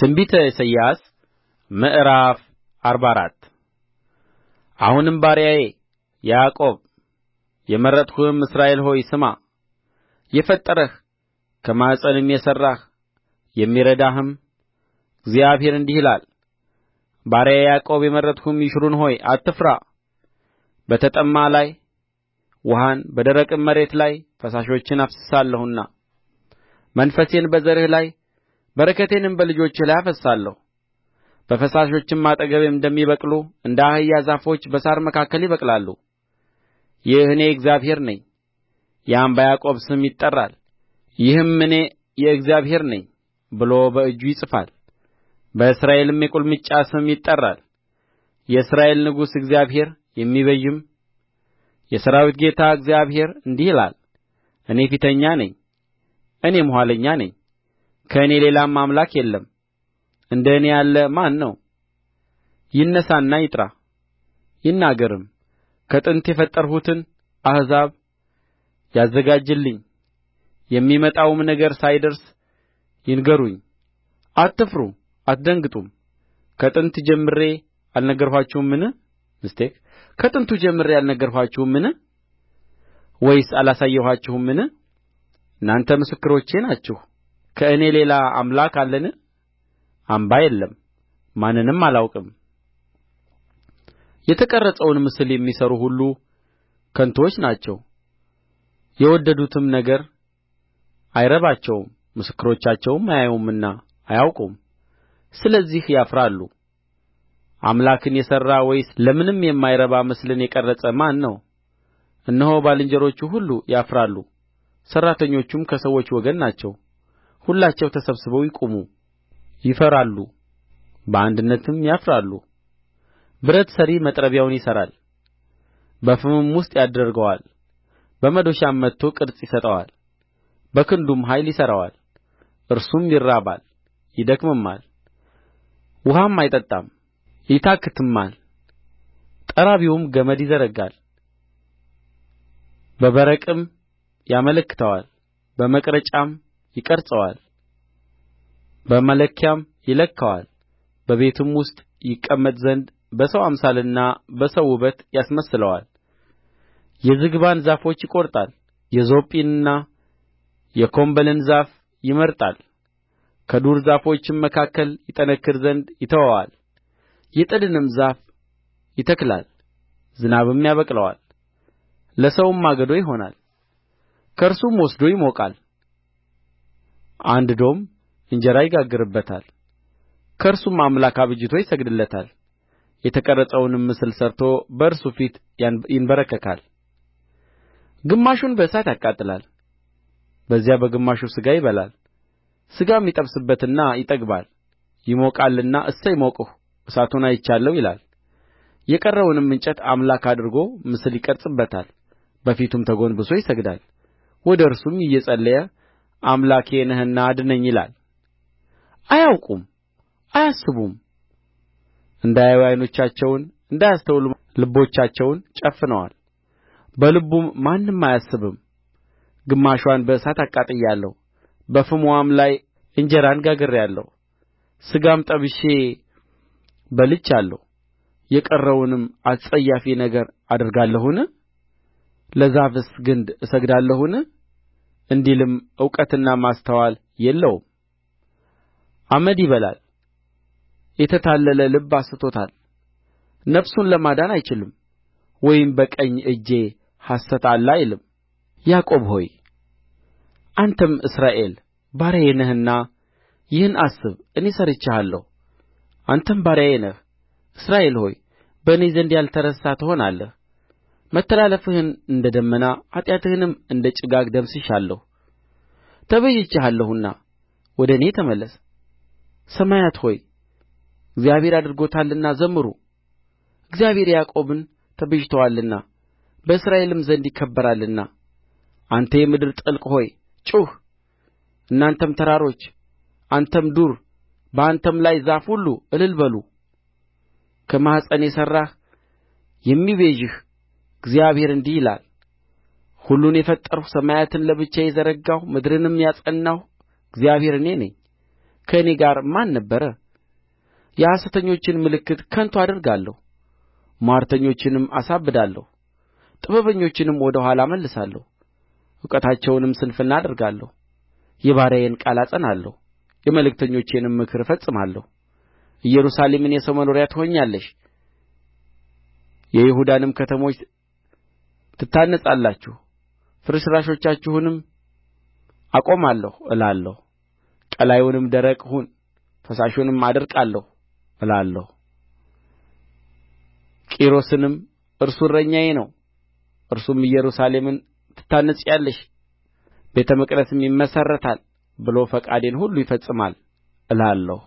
ትንቢተ ኢሳይያስ ምዕራፍ አርባ አራት አሁንም ባሪያዬ ያዕቆብ የመረጥሁህም እስራኤል ሆይ ስማ የፈጠረህ ከማኅፀንም የሠራህ የሚረዳህም እግዚአብሔር እንዲህ ይላል ባሪያዬ ያዕቆብ የመረጥሁህም ይሹሩን ሆይ አትፍራ በተጠማ ላይ ውኃን በደረቅም መሬት ላይ ፈሳሾችን አፈስሳለሁና መንፈሴን በዘርህ ላይ በረከቴንም በልጆችህ ላይ አፈስሳለሁ በፈሳሾችም አጠገብ እንደሚበቅሉ እንደ አኻያ ዛፎች በሣር መካከል ይበቅላሉ ይህ እኔ እግዚአብሔር ነኝ ያም በያዕቆብ ስም ይጠራል ይህም እኔ የእግዚአብሔር ነኝ ብሎ በእጁ ይጽፋል በእስራኤልም የቁልምጫ ስም ይጠራል የእስራኤል ንጉሥ እግዚአብሔር የሚበይም የሠራዊት ጌታ እግዚአብሔር እንዲህ ይላል እኔ ፊተኛ ነኝ እኔም ኋለኛ ነኝ ከእኔ ሌላም አምላክ የለም እንደ እኔ ያለ ማን ነው ይነሣና ይጥራ ይናገርም ከጥንት የፈጠርሁትን አሕዛብ ያዘጋጅልኝ የሚመጣውም ነገር ሳይደርስ ይንገሩኝ አትፍሩ አትደንግጡም ከጥንት ጀምሬ አልነገርኋችሁምን ከጥንቱ ጀምሬ አልነገርኋችሁምን ወይስ አላሳየኋችሁምን እናንተ ምስክሮቼ ናችሁ ከእኔ ሌላ አምላክ አለን አምባ የለም ማንንም አላውቅም የተቀረጸውን ምስል የሚሠሩ ሁሉ ከንቱዎች ናቸው የወደዱትም ነገር አይረባቸውም ምስክሮቻቸውም አያዩምና አያውቁም ስለዚህ ያፍራሉ አምላክን የሠራ ወይስ ለምንም የማይረባ ምስልን የቀረጸ ማን ነው እነሆ ባልንጀሮቹ ሁሉ ያፍራሉ ሠራተኞቹም ከሰዎች ወገን ናቸው ሁላቸው ተሰብስበው ይቁሙ ይፈራሉ በአንድነትም ያፍራሉ ብረት ሠሪ መጥረቢያውን ይሠራል በፍምም ውስጥ ያደርገዋል በመዶሻም መትቶ ቅርጽ ይሰጠዋል በክንዱም ኃይል ይሠራዋል እርሱም ይራባል ይደክምማል ውኃም አይጠጣም ይታክትማል ጠራቢውም ገመድ ይዘረጋል በበረቅም ያመለክተዋል በመቅረጫም ይቀርጸዋል በመለኪያም ይለካዋል በቤቱም ውስጥ ይቀመጥ ዘንድ በሰው አምሳልና በሰው ውበት ያስመስለዋል የዝግባን ዛፎች ይቈርጣል የዞጲንና የኮምቦልን ዛፍ ይመርጣል ከዱር ዛፎችም መካከል ይጠነክር ዘንድ ይተወዋል የጥድንም ዛፍ ይተክላል ዝናብም ያበቅለዋል ለሰውም ማገዶ ይሆናል ከእርሱም ወስዶ ይሞቃል አንድዶም እንጀራ ይጋግርበታል ከእርሱም አምላክ አበጅቶ ይሰግድለታል የተቀረጸውንም ምስል ሠርቶ በእርሱ ፊት ይንበረከካል ግማሹን በእሳት ያቃጥላል በዚያ በግማሹ ሥጋ ይበላል ሥጋም ይጠብስበትና ይጠግባል ይሞቃልና እሰይ ሞቅሁ እሳቱን አይቻለሁ ይላል የቀረውንም እንጨት አምላክ አድርጎ ምስል ይቀርጽበታል በፊቱም ተጐንብሶ ይሰግዳል ወደ እርሱም እየጸለየ አምላኬ ነህና አድነኝ ይላል አያውቁም አያስቡም እንዳያዩ ዓይኖቻቸውን እንዳያስተውሉ ልቦቻቸውን ጨፍነዋል በልቡም ማንም አያስብም ግማሽዋን በእሳት አቃጥያለሁ በፍምዋም ላይ እንጀራን ጋግሬአለሁ ሥጋም ጠብሼ በልቻለሁ የቀረውንም አስጸያፊ ነገር አደርጋለሁን ለዛፍስ ግንድ እሰግዳለሁን እንዲልም እውቀትና ማስተዋል የለውም አመድ ይበላል የተታለለ ልብ አስቶታል ነፍሱን ለማዳን አይችልም ወይም በቀኝ እጄ ሐሰት አለ አይልም ያዕቆብ ሆይ አንተም እስራኤል ባሪያዬ ነህና ይህን አስብ እኔ ሠርቼሃለሁ አንተም ባሪያዬ ነህ እስራኤል ሆይ በእኔ ዘንድ ያልተረሳ ትሆናለህ መተላለፍህን እንደ ደመና ኃጢአትህንም እንደ ጭጋግ ደምስሼአለሁ ተቤዥቼሃለሁና ወደ እኔ ተመለስ ሰማያት ሆይ እግዚአብሔር አድርጎታልና ዘምሩ እግዚአብሔር ያዕቆብን ተቤዥቶአልና በእስራኤልም ዘንድ ይከበራልና አንተ የምድር ጥልቅ ሆይ ጩኽ እናንተም ተራሮች አንተም ዱር በአንተም ላይ ዛፍ ሁሉ እልል በሉ ከማኅፀን የሠራህ የሚቤዥህ እግዚአብሔር እንዲህ ይላል ሁሉን የፈጠርሁ ሰማያትን ለብቻዬ የዘረጋሁ ምድርንም ያጸናሁ እግዚአብሔር እኔ ነኝ ከእኔ ጋር ማን ነበረ የሐሰተኞችን ምልክት ከንቱ አደርጋለሁ ምዋርተኞችንም አሳብዳለሁ ጥበበኞችንም ወደ ኋላ እመልሳለሁ እውቀታቸውንም ስንፍና አደርጋለሁ የባሪያዬን ቃል አጸናለሁ የመልእክተኞቼንም ምክር እፈጽማለሁ ኢየሩሳሌምን የሰው መኖሪያ ትሆኛለሽ የይሁዳንም ከተሞች ትታነጻላችሁ ፍርስራሾቻችሁንም አቆማለሁ እላለሁ ቀላዩንም ደረቅ ሁን ፈሳሹንም አደርቃለሁ እላለሁ ቂሮስንም እርሱ እረኛዬ ነው እርሱም ኢየሩሳሌምን ትታነጺያለሽ ቤተ መቅደስም ይመሠረታል ብሎ ፈቃዴን ሁሉ ይፈጽማል እላለሁ